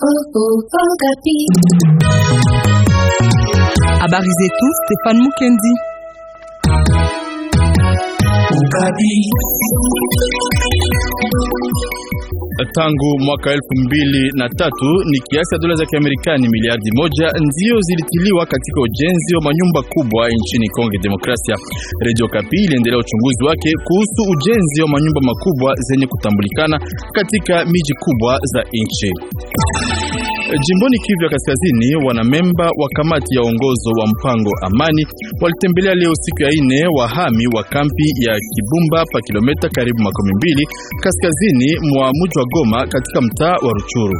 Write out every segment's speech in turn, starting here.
Oh oh oh Habari Stéphane Mukendi. tangu mwaka elfu mbili na tatu ni kiasi ya dola za Kiamerikani miliardi moja ndio zilitiliwa katika ujenzi wa manyumba kubwa nchini Kongo Demokrasia. Radio Kapi iliendelea uchunguzi wake kuhusu ujenzi wa manyumba makubwa zenye kutambulikana katika miji kubwa za nchi. Jimboni Kivu ya Kaskazini, wanamemba wa kamati ya uongozo wa mpango amani walitembelea leo siku ya ine wahami wa kampi ya Kibumba pa kilomita karibu makumi mbili kaskazini mwa mji wa Goma katika mtaa wa Ruchuru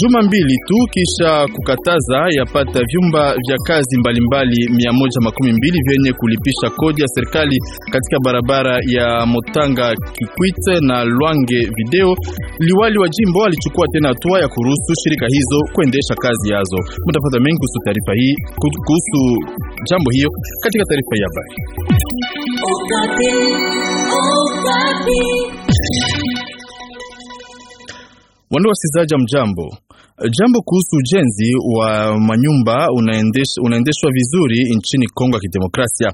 juma mbili tu kisha kukataza yapata vyumba vya kazi mbalimbali mia moja makumi mbili vyenye kulipisha kodi ya serikali katika barabara ya Motanga Kikwite na Lwange Video, liwali wa jimbo alichukua tena hatua ya kuruhusu shirika hizo kuendesha kazi yazo. Mtapata mengi kuhusu taarifa hii, kuhusu jambo hiyo katika taarifa ya habari. Wando wasikilizaji, mjambo Jambo kuhusu ujenzi wa manyumba unaendeshwa unaendesh vizuri nchini Kongo ya Kidemokrasia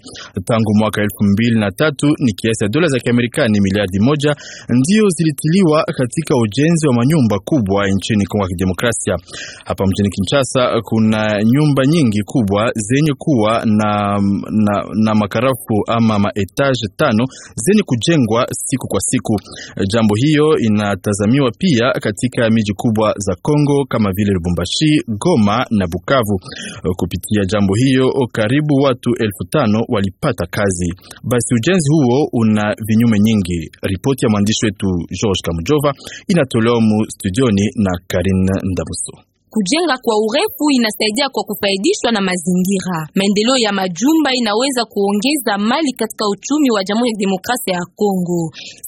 tangu mwaka elfu mbili na tatu. Ni kiasi ya dola za Kiamerikani miliardi moja ndio zilitiliwa katika ujenzi wa manyumba kubwa nchini Kongo ya Kidemokrasia. Hapa mjini Kinshasa kuna nyumba nyingi kubwa zenye kuwa na, na, na makarafu ama maetaje tano zenye kujengwa siku kwa siku. Jambo hiyo inatazamiwa pia katika miji kubwa za Kongo kama vile Lubumbashi, Goma na Bukavu. Kupitia jambo hiyo, karibu watu elfu tano walipata kazi. Basi ujenzi huo una vinyume nyingi. Ripoti ya mwandishi wetu George Kamujova inatolewa mu studioni na Karine Ndabuso. Kujenga kwa urefu inasaidia kwa kufaidishwa na mazingira. Maendeleo ya majumba inaweza kuongeza mali katika uchumi wa Jamhuri ya Demokrasia ya Kongo.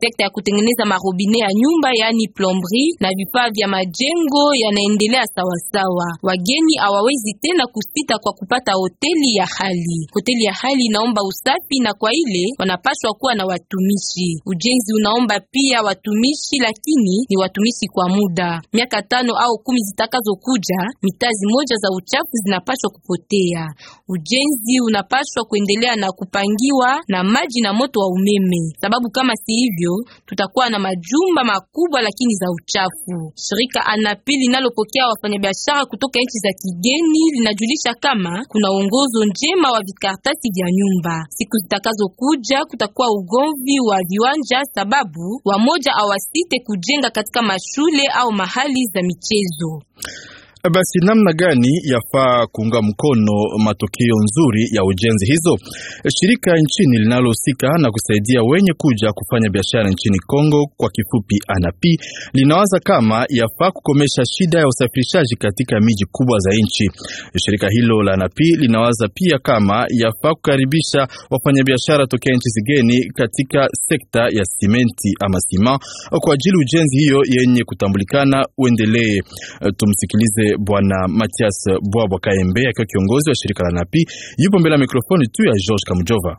Sekta ya kutengeneza marobine ya nyumba, yaani plomberie, na vifaa vya majengo yanaendelea sawasawa. Wageni hawawezi tena kusita kwa kupata hoteli ya hali. Hoteli ya hali inaomba usafi, na kwa ile wanapaswa kuwa na watumishi. Ujenzi unaomba pia watumishi, lakini ni watumishi kwa muda miaka tano au kumi zitakazo inayokuja mitazi moja za uchafu zinapaswa kupotea. Ujenzi unapaswa kuendelea na kupangiwa na maji na moto wa umeme, sababu kama si hivyo tutakuwa na majumba makubwa lakini za uchafu. Shirika Anapili linalopokea wafanyabiashara kutoka nchi za kigeni linajulisha kama kuna uongozo njema wa vikartasi vya nyumba. Siku zitakazokuja kutakuwa ugomvi wa viwanja, sababu wamoja awasite kujenga katika mashule au mahali za michezo. Eh, basi namna gani yafaa kuunga mkono matokeo nzuri ya ujenzi hizo? Eh, shirika nchini linalohusika na kusaidia wenye kuja kufanya biashara nchini Kongo, kwa kifupi ANAPI, linawaza kama yafaa kukomesha shida ya usafirishaji katika miji kubwa za nchi. Eh, shirika hilo la ANAPI linawaza pia kama yafaa kukaribisha wafanyabiashara tokea nchi zigeni katika sekta ya simenti ama sima kwa ajili ujenzi hiyo yenye kutambulikana uendelee. Tumsikilize Bwana Mathias Bwabwa Kaembe akiwa kiongozi wa shirika la Napi yupo mbele ya mikrofoni tu ya George Kamujova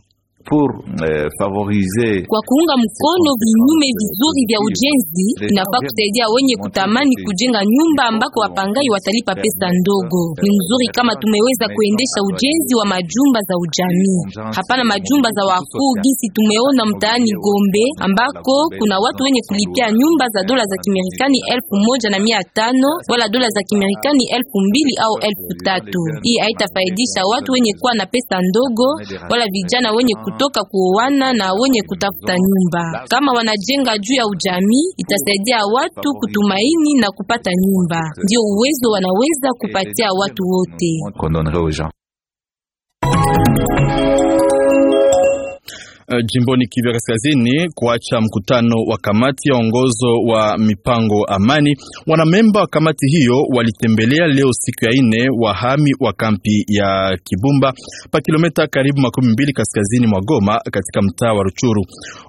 pour euh, favoriser kwa kuunga mkono vinyume vizuri vya ujenzi, inafaa kusaidia wenye kutamani kujenga nyumba ambako wapangai watalipa pesa ndogo. Ni mzuri kama tumeweza kuendesha ujenzi wa majumba za ujamii, hapana majumba za wakuu, gisi tumeona mtaani Gombe ambako kuna watu wenye kulipia nyumba za dola za Kimerikani elfu moja na mia tano wala dola za Kimerikani elfu mbili au elfu tatu. Hii haitafaidisha watu wenye kuwa na pesa ndogo wala vijana wenye kutu kutoka kuoana na wenye kutafuta nyumba. Kama wanajenga juu ya ujamii, itasaidia watu kutumaini na kupata nyumba, ndio uwezo wanaweza kupatia watu wote. Eh, jimboni Kivu Kaskazini kuacha mkutano wa kamati ya ongozo wa mipango amani. Wanamemba wa kamati hiyo walitembelea leo siku ya ine wahami wa kampi ya Kibumba pa kilometa karibu makumi mbili kaskazini mwa Goma katika mtaa wa Ruchuru.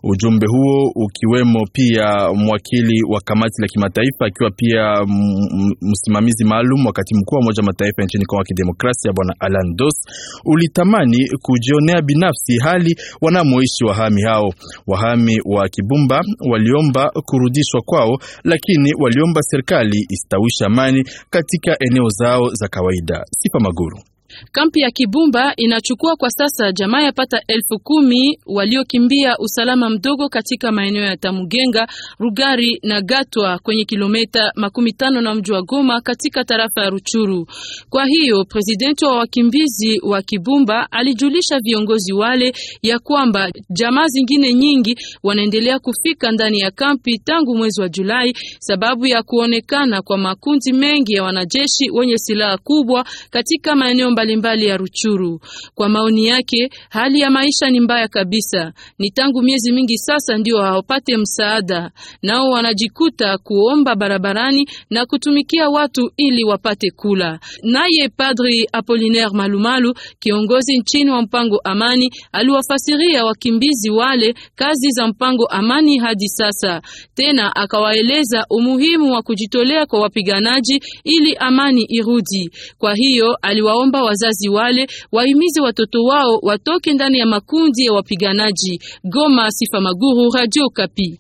Ujumbe huo ukiwemo pia mwakili wa kamati la kimataifa akiwa pia msimamizi maalum wa katibu mkuu wa Umoja wa Mataifa nchini Kongo ya Kidemokrasia Bwana Alan Dos ulitamani kujionea binafsi hali wanamoishi kuruhusu wahami hao. Wahami wa Kibumba waliomba kurudishwa kwao, lakini waliomba serikali istawisha amani katika eneo zao za kawaida. Sifa Maguru Kampi ya Kibumba inachukua kwa sasa jamaa pata elfu kumi waliokimbia usalama mdogo katika maeneo ya Tamugenga, Rugari na Gatwa kwenye kilometa makumi tano na mji wa Goma katika tarafa ya Ruchuru. Kwa hiyo presidenti wa wakimbizi wa Kibumba alijulisha viongozi wale ya kwamba jamaa zingine nyingi wanaendelea kufika ndani ya kampi tangu mwezi wa Julai sababu ya kuonekana kwa makundi mengi ya wanajeshi wenye silaha kubwa katika maeneo mbalimbali ya Ruchuru. Kwa maoni yake, hali ya maisha ni mbaya kabisa, ni tangu miezi mingi sasa ndio hawapate msaada, nao wanajikuta kuomba barabarani na kutumikia watu ili wapate kula. Naye Padri Apollinaire Malumalu, kiongozi nchini wa mpango amani, aliwafasiria wakimbizi wale kazi za mpango amani hadi sasa, tena akawaeleza umuhimu wa kujitolea kwa wapiganaji ili amani irudi. Kwa hiyo aliwaomba wa wazazi wale wahimize watoto wao watoke ndani ya makundi ya wapiganaji. Goma, Sifa Maguru, Radio Kapi.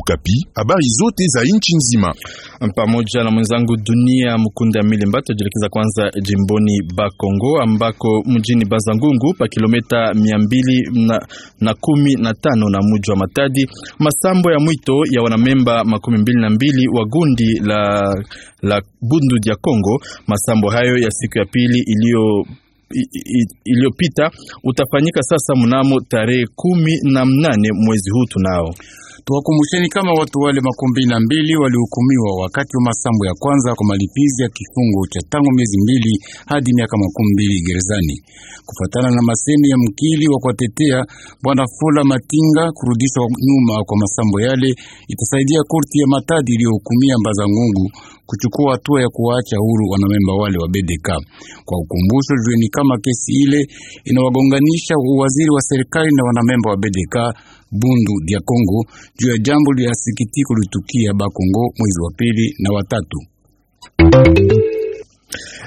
Okapi. Habari zote za nchi nzima pamoja na mwenzangu Dunia Mukunda Milemba. Tujielekeza kwanza jimboni Bakongo ambako mjini Bazangungu pa kilomita mia mbili na, na kumi na tano na muji wa Matadi, masambo ya mwito ya wanamemba makumi mbili na mbili wa gundi la, la Bundu ya Kongo. Masambo hayo ya siku ya pili iliyo iliyopita utafanyika sasa mnamo tarehe kumi na mnane mwezi huu tunao Tuwakumbusheni kama watu wale makumi na mbili walihukumiwa wakati wa masambo ya kwanza kwa malipizi ya kifungo cha tangu miezi mbili hadi miaka makumi mbili gerezani, kufuatana na masemi ya mkili wa kuwatetea bwana Fola Matinga. Kurudishwa nyuma kwa masambo yale itasaidia korti ya Matadi iliyohukumia Ngungu kuchukua hatua ya kuwaacha huru wanamemba wale wa BDK. Kwa ukumbusho, jueni kama kesi ile inawagonganisha waziri wa serikali na wanamemba wa BDK Bundu dia Kongo juu ya jambo la sikitiko litukia ba Kongo mwezi wa pili na watatu.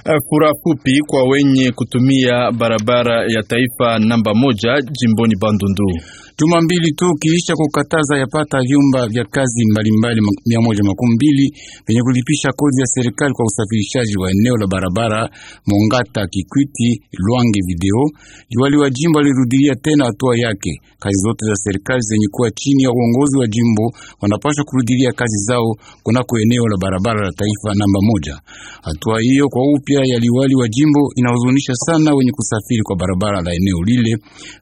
Eh, kura fupi kwa wenye kutumia barabara ya taifa namba moja jimboni Bandundu juma mbili tu kiisha kukataza yapata vyumba vya kazi mbalimbali mia moja makumi mbili vyenye kulipisha kodi ya serikali kwa usafirishaji wa eneo la barabara Mongata Kikwiti Lwange video, liwali wa jimbo alirudilia tena hatua yake. Kazi zote za serikali zenye kuwa chini ya uongozi wa jimbo wanapaswa kurudilia kazi zao kunako eneo la barabara la taifa namba moja. Hatua hiyo kwa upya ya liwali wa jimbo inahuzunisha sana wenye kusafiri kwa barabara la eneo lile.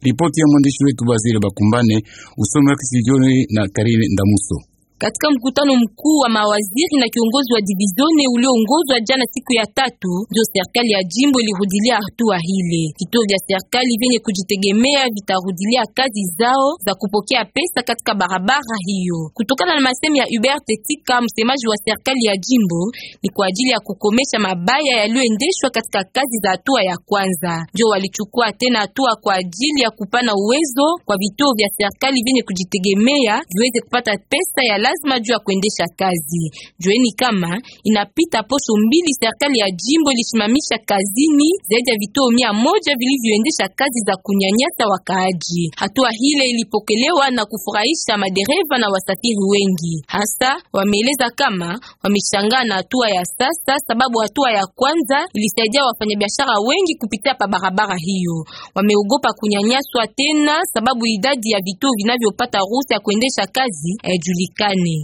Ripoti ya mwandishi wetu Bazile Bakum Ukumbane usome kisijoni na Karine Ndamuso. Katika mkutano mkuu wa mawaziri na kiongozi wa divizione ulioongozwa jana siku ya tatu, ndio serikali ya jimbo ilirudilia hatua hile. Vituo vya serikali vyenye kujitegemea vitarudilia kazi zao za kupokea pesa katika barabara hiyo. Kutokana na masemi ya Hubert Tetika, msemaji wa serikali ya jimbo, ni kwa ajili ya kukomesha mabaya yaliyoendeshwa katika kazi za hatua ya kwanza. Ndio walichukua tena hatua kwa ajili ya kupana uwezo kwa vituo vya serikali vyenye kujitegemea viweze kupata pesa ya lazima juu ya kuendesha kazi. Jueni kama inapita posho mbili, serikali ya jimbo ilisimamisha kazini zaidi ya vituo mia moja vilivyoendesha kazi za kunyanyasa wakaaji. Hatua hile ilipokelewa na kufurahisha madereva na wasafiri wengi, hasa wameeleza kama wameshangaa na hatua ya sasa, sababu hatua ya kwanza ilisaidia wafanyabiashara wengi kupitia pa barabara hiyo. Wameogopa kunyanyaswa tena, sababu idadi ya vituo vinavyopata ruhusa ya kuendesha kazi haijulikani. Kisangani.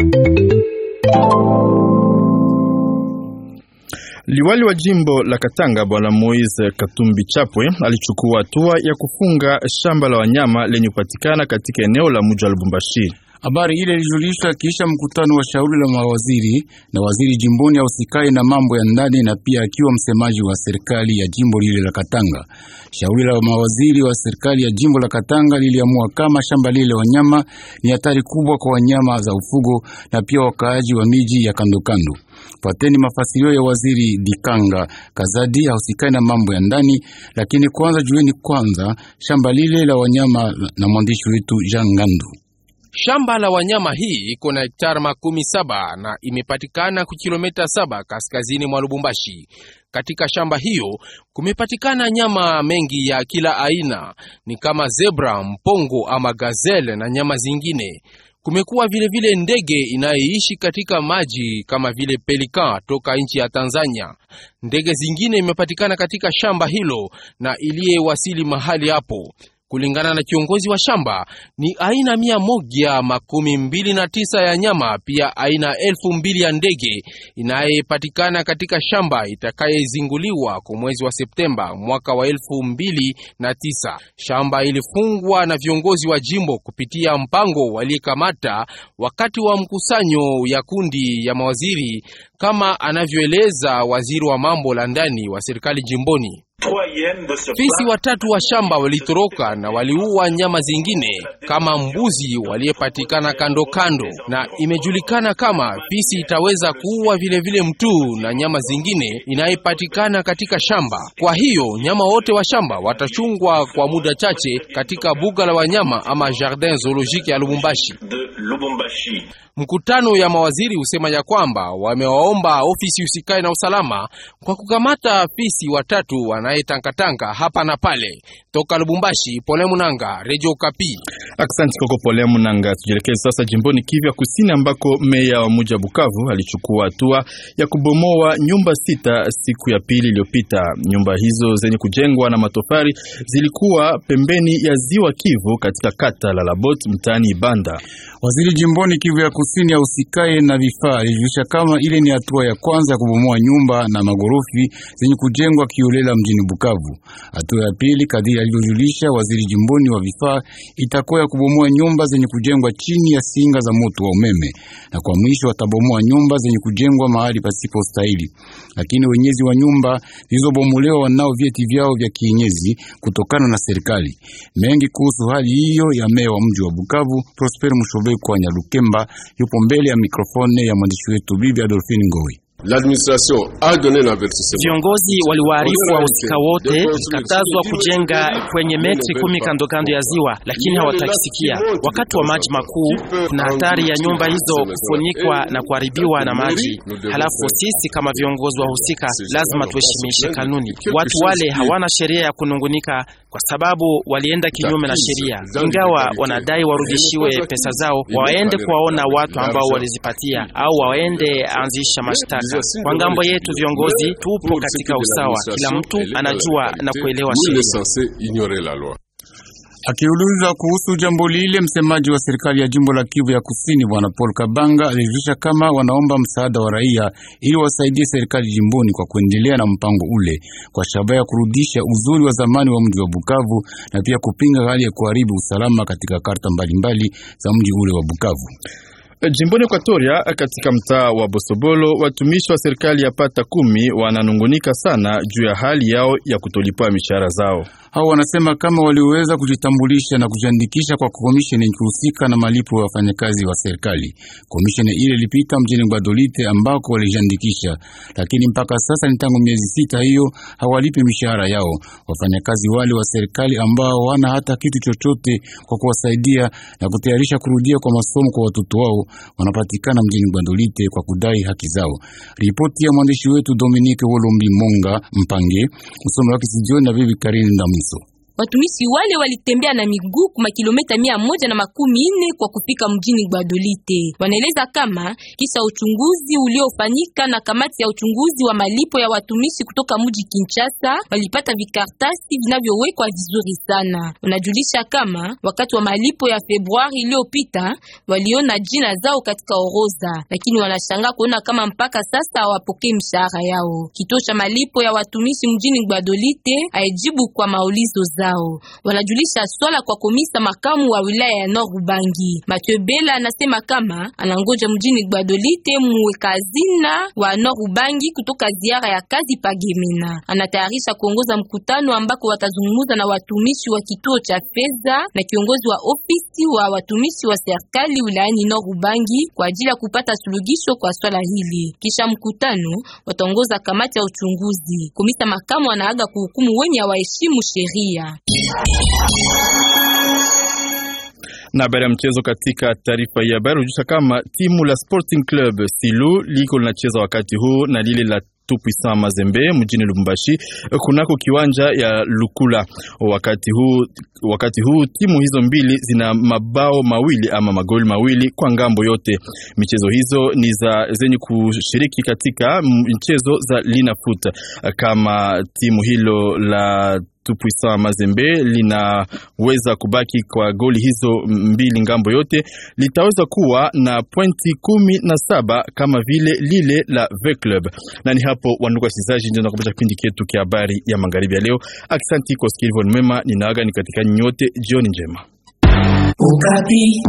Liwali wa jimbo la Katanga Bwana Moise Katumbi Chapwe alichukua hatua ya kufunga shamba la wanyama lenye kupatikana katika eneo la mji wa Lubumbashi. Habari ile ilijulishwa kisha mkutano wa shauri la mawaziri na waziri jimboni ausikae na mambo ya ndani na pia akiwa msemaji wa serikali ya jimbo lile la Katanga. Shauri la mawaziri wa serikali ya jimbo la Katanga liliamua kama shamba lile la wanyama ni hatari kubwa kwa wanyama za ufugo na pia wakaaji wa miji ya kandokando. Pateni mafasilio ya waziri Dikanga Kazadi ausikae na mambo ya ndani, lakini kwanza jueni kwanza shamba lile la wanyama na mwandishi wetu Jean Ngandu. Shamba la wanyama hii iko na hektari makumi saba na imepatikana ku kilomita saba kaskazini mwa Lubumbashi. Katika shamba hiyo kumepatikana nyama mengi ya kila aina, ni kama zebra, mpongo ama gazelle na nyama zingine. Kumekuwa vilevile vile ndege inayoishi katika maji kama vile pelikan toka nchi ya Tanzania. Ndege zingine imepatikana katika shamba hilo na iliyewasili mahali hapo Kulingana na kiongozi wa shamba, ni aina mia moja makumi mbili na tisa ya nyama, pia aina elfu mbili ya ndege inayepatikana katika shamba itakayezinguliwa kwa mwezi wa Septemba mwaka wa elfu mbili na tisa. Shamba ilifungwa na viongozi wa jimbo kupitia mpango waliyekamata wakati wa mkusanyo ya kundi ya mawaziri, kama anavyoeleza waziri wa mambo la ndani wa serikali jimboni. Fisi watatu wa shamba walitoroka na waliua nyama zingine kama mbuzi waliyepatikana kando kando, na imejulikana kama fisi itaweza kuua vilevile mtu na nyama zingine inayepatikana katika shamba. Kwa hiyo nyama wote wa shamba watachungwa kwa muda chache katika buga la wanyama ama jardin zoologique ya Lubumbashi. Mkutano ya mawaziri husema ya kwamba wamewaomba ofisi husikae na usalama kwa kukamata afisi watatu wanayetangatanga hapa na pale. Toka Lubumbashi, Pole Munanga, Radio Kapi. Aksanti koko Pole Munanga. Tujielekeze sasa jimboni Kivu ya Kusini ambako meya wa muja wa Bukavu alichukua hatua ya kubomoa nyumba sita siku ya pili iliyopita. Nyumba hizo zenye kujengwa na matofali zilikuwa pembeni ya ziwa Kivu katika kata la Labot mtaani Ibanda. Waziri jimboni Kivu ya Kusini Kusini ya usikae na vifaa ilijulisha kama ile ni hatua ya kwanza ya kubomoa nyumba na magorofi zenye kujengwa kiolela mjini Bukavu. Hatua ya pili, kadiri alilojulisha waziri jimboni wa vifaa, itakuwa ya kubomoa nyumba zenye kujengwa chini ya singa za moto wa umeme, na kwa mwisho watabomoa nyumba zenye kujengwa mahali pasipo stahili. Lakini wenyezi wa nyumba zilizobomolewa wanao vyeti vyao vya kienyezi kutokana na serikali. Mengi kuhusu hali hiyo ya meya wa mji wa Bukavu Prosper Mushobe kwa Nyalukemba yupo mbele ya mikrofoni ya mwandishi wetu Bibi Adolfine Ngoi. Viongozi waliwaarifu wahusika wote ikatazwa kujenga kwenye metri kumi kando kando ya ziwa, lakini hawatakisikia. Wakati wa maji makuu, kuna hatari ya nyumba hizo kufunikwa eh, na kuharibiwa na maji. Halafu sisi kama viongozi wahusika lazima tuheshimishe kanuni. Watu wale hawana sheria ya kunungunika kwa sababu walienda kinyume na sheria. Ingawa wanadai warudishiwe pesa zao, waende kuwaona watu ambao walizipatia au waende anzisha mashtaka. Kwa ngambo yetu viongozi, tupo katika usawa, kila mtu anajua na kuelewa sheria. Akiuliza kuhusu jambo lile, msemaji wa serikali ya jimbo la Kivu ya Kusini Bwana Paul Kabanga alijulisha kama wanaomba msaada wa raia ili wasaidie serikali jimboni kwa kuendelea na mpango ule kwa shabaha ya kurudisha uzuri wa zamani wa mji wa Bukavu na pia kupinga hali ya kuharibu usalama katika karta mbalimbali mbali za mji ule wa Bukavu. Jimboni Ekwatoria, katika mtaa wa Bosobolo, watumishi wa serikali ya pata kumi wananungunika sana juu ya hali yao ya kutolipwa mishahara zao. Hao wanasema kama waliweza kujitambulisha na kujiandikisha kwa komisheni kuhusika na malipo ya wafanyakazi wa serikali. Komisheni ile ilipita mjini Badolite ambako walijiandikisha, lakini mpaka sasa ni tangu miezi sita hiyo hawalipi mishahara yao. Wafanyakazi wale wa serikali ambao wana hata kitu chochote kwa kuwasaidia na kutayarisha kurudia kwa masomo kwa watoto wao wanapatikana mjini Bandolite kwa kudai haki zao. Ripoti ya mwandishi wetu Dominique Wolombi Monga Mpange, usomi wake Sijoni na bibi Karini Ndamwiso. Watumishi wale walitembea na miguu kwa kilomita mia moja na makumi ine kwa kufika mjini Gbadolite. Wanaeleza kama kisha uchunguzi uliofanyika na kamati ya uchunguzi wa malipo ya watumishi kutoka mji Kinshasa, walipata vikartasi vinavyowekwa vizuri sana. Wanajulisha kama wakati wa malipo ya Februari iliyopita waliona jina zao katika orodha, lakini wanashangaa kuona kama mpaka sasa hawapokei mshahara yao. Kituo cha malipo ya watumishi mjini Gbadolite haijibu kwa maulizo za zao. Wanajulisha swala kwa komisa makamu wa wilaya ya Nord Ubangi. Mathieu Bela anasema kama anangoja mjini Gbadolite muweka hazina wa Nord Ubangi kutoka ziara ya kazi pagemena Anatayarisha kuongoza mkutano ambako watazungumza na watumishi wa kituo cha fedha na kiongozi wa ofisi wa watumishi wa serikali wilayani Nord Ubangi kwa ajili ya kupata suluhisho kwa swala hili. Kisha mkutano wataongoza kamati ya uchunguzi. Komisa makamu anaaga kuhukumu wenye hawaheshimu sheria. Na habari ya mchezo katika taarifa ya habari hujusha kama timu la Sporting Club Silu liko linacheza wakati huu na lile la Tupuisan Mazembe mjini Lubumbashi kunako kiwanja ya Lukula. Wakati huu, wakati huu timu hizo mbili zina mabao mawili ama magoli mawili kwa ngambo yote. Michezo hizo ni za zenye kushiriki katika mchezo za Linafoot. Kama timu hilo la Tupuisa Mazembe linaweza kubaki kwa goli hizo mbili ngambo yote, litaweza kuwa na pointi kumi na saba kama vile lile la V Club. Na ni hapo wanduka wasikilizaji, ndio nakopesha kipindi ketu kia habari ya magharibi ya leo. Aksanti kwa usikilivu mwema, ninaaga nikatikani nyote, jioni njema. Ukati.